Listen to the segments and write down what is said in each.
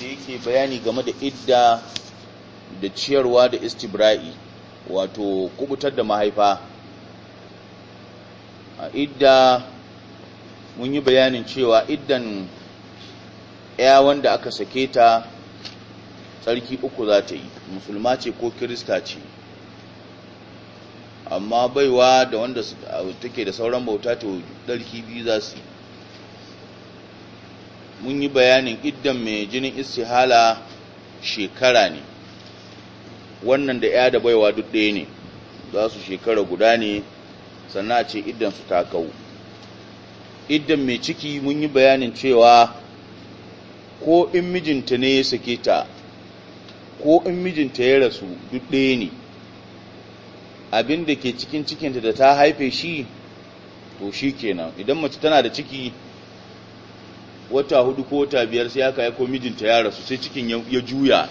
da yake bayani game da idda da ciyarwa da istibra'i wato kubutar da mahaifa a idda mun yi bayanin cewa iddan ya wanda aka sake ta tsarki uku za ta yi musulma ce ko kirista ce amma baiwa da wanda take da sauran bauta to tsarki biyu za su yi mun yi bayanin idan mai jinin istihala shekara ne wannan da ya da baiwa duk ɗaya ne za su shekara guda ne sannan ce iddan su ta kawo iddan mai ciki mun yi bayanin cewa ko in mijinta ne ya sake ta ko in mijinta ya rasu duk ɗaya ne abin da ke cikin cikinta da ta haife shi to shi kenan idan mace tana da ciki wata hudu ko wata biyar sai aka ko mijinta ya rasu sai cikin ya juya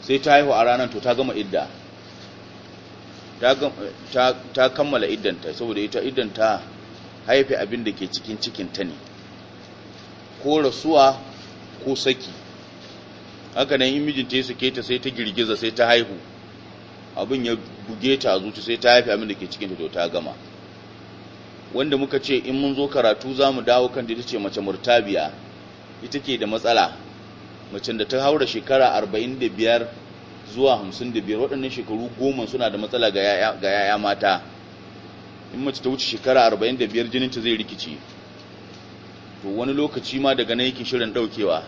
sai ta haihu a ranar to ta gama idda ta kammala iddanta saboda ita iddanta haife abin da ke cikin cikinta ne ko rasuwa ko saki haka nan yi mijinta ya sake ta sai ta girgiza sai ta haihu abin ya buge ta zuci sai ta haife abin da ke cikinta to ta gama wanda muka ce in mun zo karatu za mu dawo kan da ce mace murtabiya ita ke da matsala macen da ta haura shekara 45 zuwa 55 waɗannan shekaru goma suna da matsala ga yaya mata in mace ta wuce shekara 45 jininta zai rikici to wani lokaci ma daga nan yake shirin ɗaukewa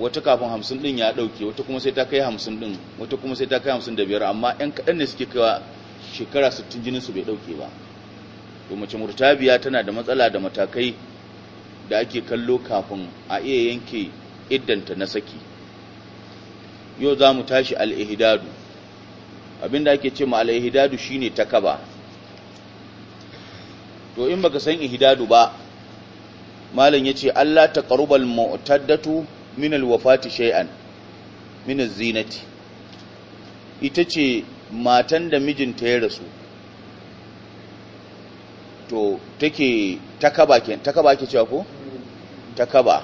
wata kafin hamsin ɗin ya ɗauke wata kuma sai ta kai hamsin ɗin wata kuma sai ta kai hamsin da biyar amma 'yan kaɗan ne suke kawa shekara sittin jininsu bai ɗauke ba to mace murtabiya tana da matsala da matakai da ake kallo kafin a iya yanke iddanta na saki yau za mu tashi alihidadu abinda ake ce ma ne shine takaba to in baka san ihidadu ba malam ce, Allah taqrubal ma'utaddatu minal wafati shay'an minal zinati ita ce matan da mijinta ya rasu to take takaba ke takaba ke cewa ko takaba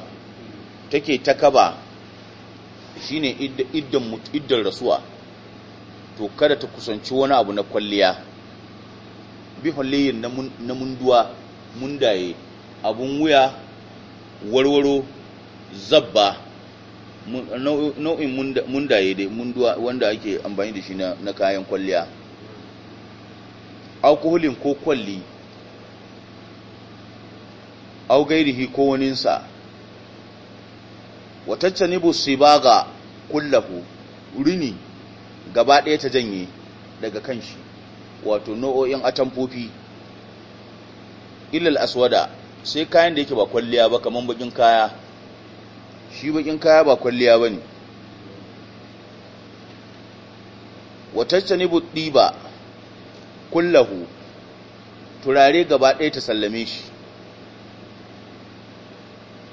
take takaba shine iddan iddan rasuwa to kada ta kusanci wani abu na kwalliya bi halliyin na munduwa mundaye abun wuya warwaro zabba nau'in mundaye dai munduwa wanda ake amfani da shi na kayan kwalliya alkoholin ko kwalli au ko waninsa watacce ni ba ga kullahu rini gaba ɗaya ta janye daga kan shi wato nau'o'in atamfofi ilal aswada sai kayan da yake ba kwalliya ba kaman bakin kaya shi bakin kaya ba kwalliya bane watacce ni ba kullahu turare gaba ɗaya ta sallame shi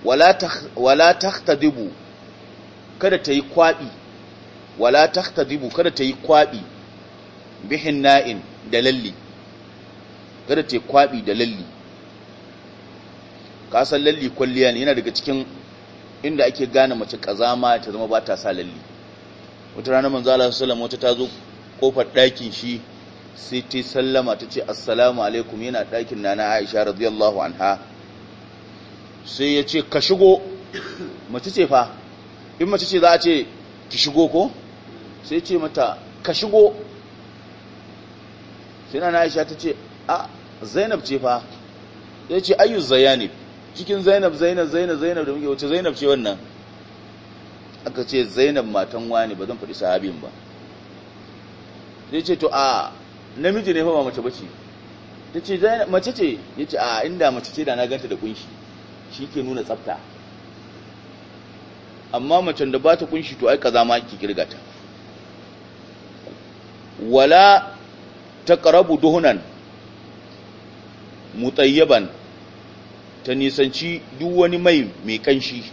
wala tahtadibu kada ta yi kwaɓi wala tahtadibu kada ta yi kwaɓi bihin na'in da lalli kada ta yi kwaɓi da lalli san lalli kwalliya ne yana daga cikin inda ake gane mace kazama ta zama ba ta sa lalli wata rana manzo Allah sallallahu wata ta zo kofar ɗakin shi sai ta sallama ta ce assalamu alaikum yana ɗakin nana Aisha radiyallahu anha sai ya ce ka shigo mace ce fa in mace ce za a ce ki shigo ko sai ya ce mata ka shigo sai na aisha ta ce a zainab ce fa ya ce ayyuz zayanib cikin zainab zainab zainab zainab da muke wace zainab ce wannan aka ce zainab matan wani ba zan faɗi sahabin ba ya ce to a namiji ne fama ba mace bace ta ce mace ce ya ce a inda mace ce da na ganta da kunshi shi ke nuna tsafta amma macen da ba ta kunshi to ai kaza ma girgata wala ta wala duhunan mutayyaban ta nisanci duk wani mai mai kanshi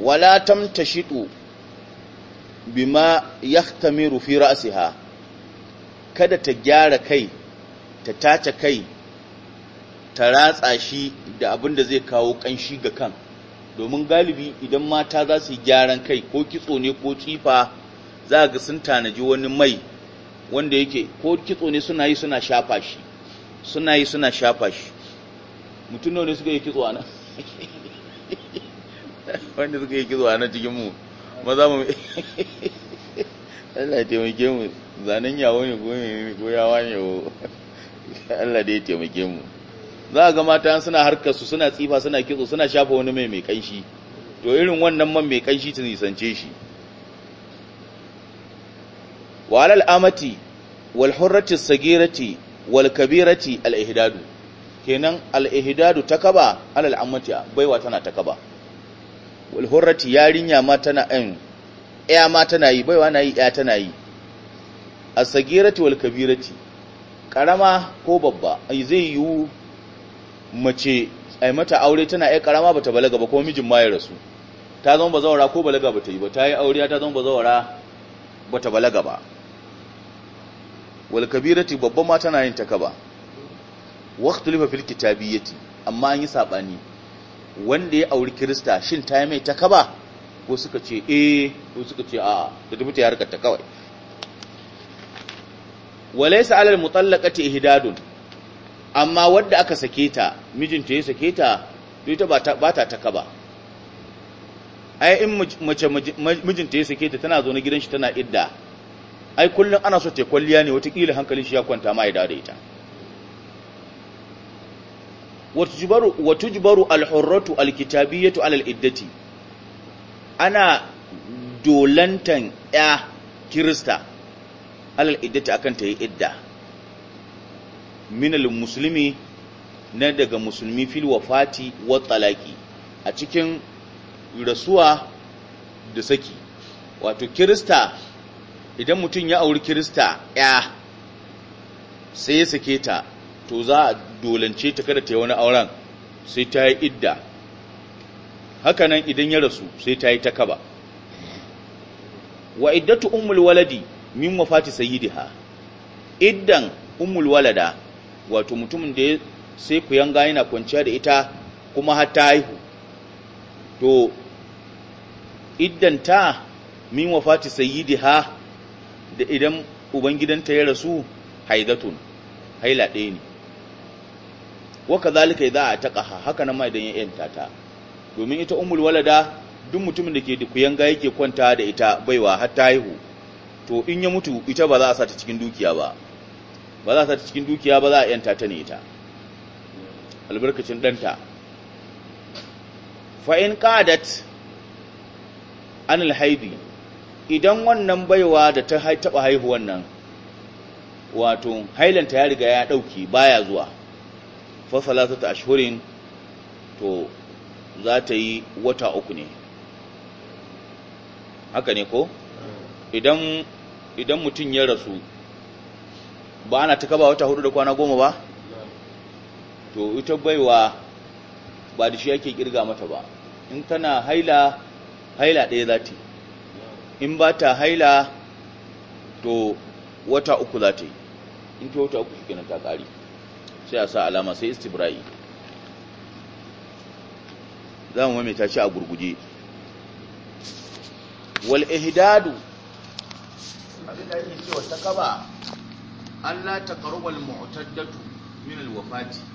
wala tamtashitu bima tamiru fi ha, kada ta gyara kai ta tace kai ta ratsa shi da abin da zai kawo ƙanshi ga kan domin galibi idan mata za su yi gyaran kai ko kitso ne ko tsifa za ga sun tanaji wani mai wanda yake ko kitso ne suna yi suna shafa shi suna yi suna shafa shi mutum ne suka yi kitso ana wanda suka yi kitso ana cikin mu maza mu Allah taimake mu zanen yawo ne ko yawa ne Allah ya taimake mu za a ga mata suna harkarsu suna tsifa suna kitso suna shafa wani mai mai kanshi to irin wannan man mai kanshi ta nisance shi walal amati wal hurratis sagirati wal kabirati al ihdadu kenan al ihdadu kaba, alal amati baiwa tana kaba wal hurrati yarinya ma tana an eh, ya ma tana yi baiwa na yi ya tana yi as sagirati wal kabirati karama ko babba zai yiwu mace ai mata aure tana ai karama bata balaga ba ko mijin ma ya rasu ta zama bazawara ko balaga bata yi ba ta yi aure ta zama bazawara bata balaga ba wal kabirati babban ma tana yin takaba ta fil kitabiyyati amma an yi sabani wanda ya auri kirista shin ta yi mai takaba ko suka ce eh ko suka ce a, da tafi ta harkar ta kawai walaysa alal mutallaqati ihdadun amma wadda aka sake ta mijinta ya sake ta ita ba ta taka ba ai in mace mijinta ya sake ta tana zo na gidan shi tana idda ai kullum ana so ta kwalliya ne kila hankalin shi ya kwanta ma ya da ita watujbaru alhurratu alkitabiyatu alal iddati ana dolantan ya kirista alal iddati akan ta yi idda minal musulmi na daga musulmi fil wafati wa talaki a cikin rasuwa da saki wato kirista idan mutum ya auri kirista ya sai ya sake ta to za a dolance ta kada ta yi wani auren sai ta yi idda hakanan idan ya rasu sai ta yi ta kaba wa iddatu ummul waladi min wafati sayyidiha iddan ummul walada wato mutumin da sai ku yanga yana kwanciya da ita kuma har ta haihu to ta min wafati sayyidiha da idan ubangidanta ya rasu haidatun haila ɗaya ne wa kazalika za ataqaha haka nan ma idan ya yanta ta domin ita umul walada duk mutumin da ke da kuyanga yake kwanta da ita baiwa har ta haihu to in ya mutu ita ba za a sata cikin dukiya ba ba za ta cikin dukiya ba za a yanta ta ne ta albarkacin ɗanta fa'in ƙadat an alhaidi idan wannan baiwa da ta taɓa haihu wannan, wato hailanta ya riga ya ɗauki baya zuwa fasala ta ta ashirin to za ta yi wata uku ne haka ne ko hmm. idan mutum ya rasu ba ana ta kaba wata hudu da kwana goma ba to ita baiwa ba da shi yake kirga mata ba in tana haila haila ɗaya za ta in ba ta haila to wata uku za ta yi in ta wata uku shi kenan ta ƙari sai a sa alama sai istibra'i za mu maimaita shi a gurguje wal ihdadu abin da ake cewa ta kaba Allah ta karuwal mu'taddatu min wafati